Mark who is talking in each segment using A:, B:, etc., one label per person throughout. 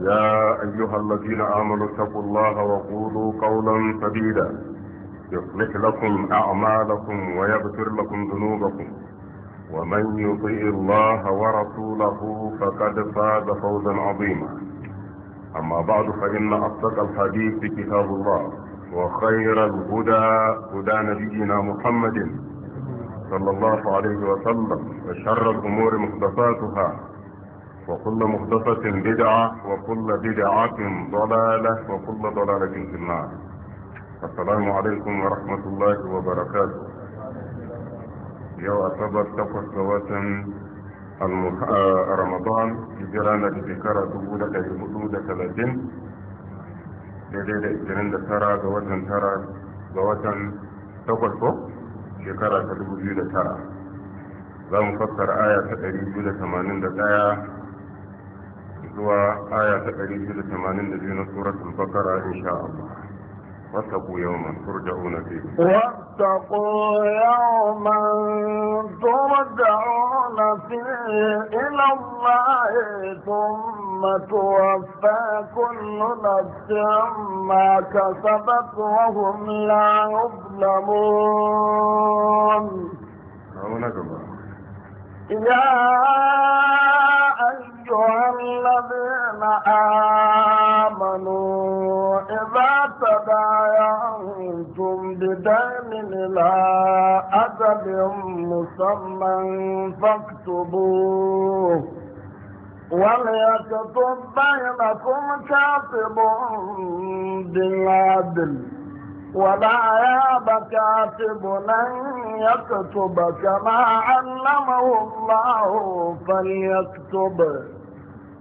A: يا أيها الذين آمنوا اتقوا الله وقولوا قولا سديدا يصلح لكم أعمالكم ويغفر لكم ذنوبكم ومن يطع الله ورسوله فقد فاز فوزا عظيما أما بعد فإن أصدق الحديث كتاب الله وخير الهدى هدى نبينا محمد صلى الله عليه وسلم وشر الأمور محدثاتها وكل مخدفة بدعة وكل بدعة ضلالة وكل ضلالة في النار السلام عليكم ورحمة الله وبركاته يو أتبر تفر سواتا المح... آه... رمضان جيرانا بذكرة دولة جمدودة لجن جديد جرند ترى زواتا ترى زواتا تفر فوق شكرا تدبو جيدة ترى لا مفكر آية تدري جيدة ثمانين آية zuwa aya ta 182 سورة البقرة إن شاء الله واتقوا يوما ترجعون فيه
B: واتقوا يوما ترجعون فيه إلى الله ثم توفى كل نفس ما كسبت وهم لا يظلمون يا آمنوا إذا تداينتم بدين إلى أجل مسمى فاكتبوه وليكتب بينكم كاتب بالعدل ولا ياب كاتب أن يكتب كما علمه الله فليكتب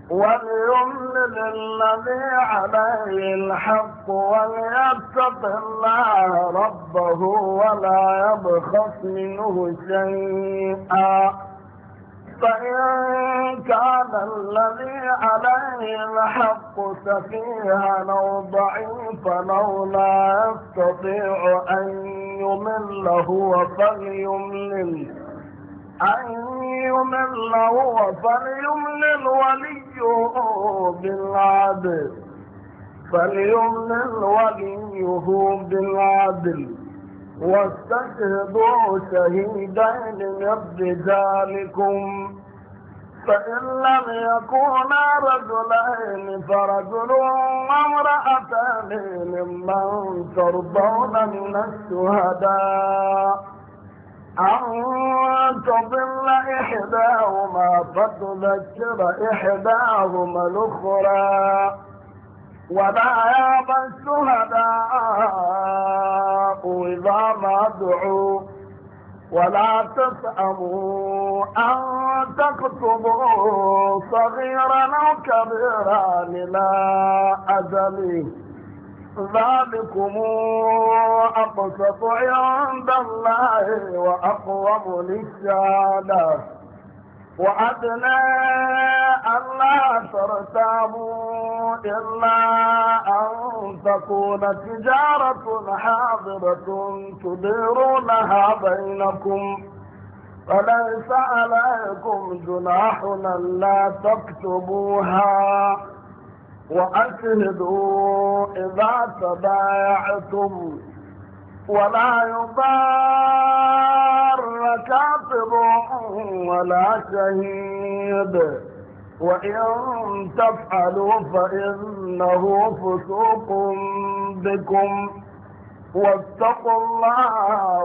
B: وليملل الذي عليه الحق وليتق الله ربه ولا يبخس منه شيئا فإن كان الذي عليه الحق سفيها أو ضعيفا أو لا يستطيع أن يمله فليملل أن يضمن له فليمن الولي بالعدل فليمن الولي بالعدل واستشهدوا شهيدين من رجالكم فإن لم يكونا رجلين فرجل وامرأتان ممن ترضون من الشهداء تضل إحداهما فتذكر إحداهما الأخرى ولا يأبى الشهداء إذا ما دعوا ولا تسأموا أن تكتبوا صغيرا أو كبيرا إلى أجله ذلكم أبسط عند الله وأقوم للشهادة وأدنى ألا ترتابوا إلا أن تكون تجارة حاضرة تديرونها بينكم فليس عليكم جناح لا تكتبوها وأشهدوا إذا تبايعتم ولا يضار كاتب ولا شهيد وإن تفعلوا فإنه فسوق بكم واتقوا الله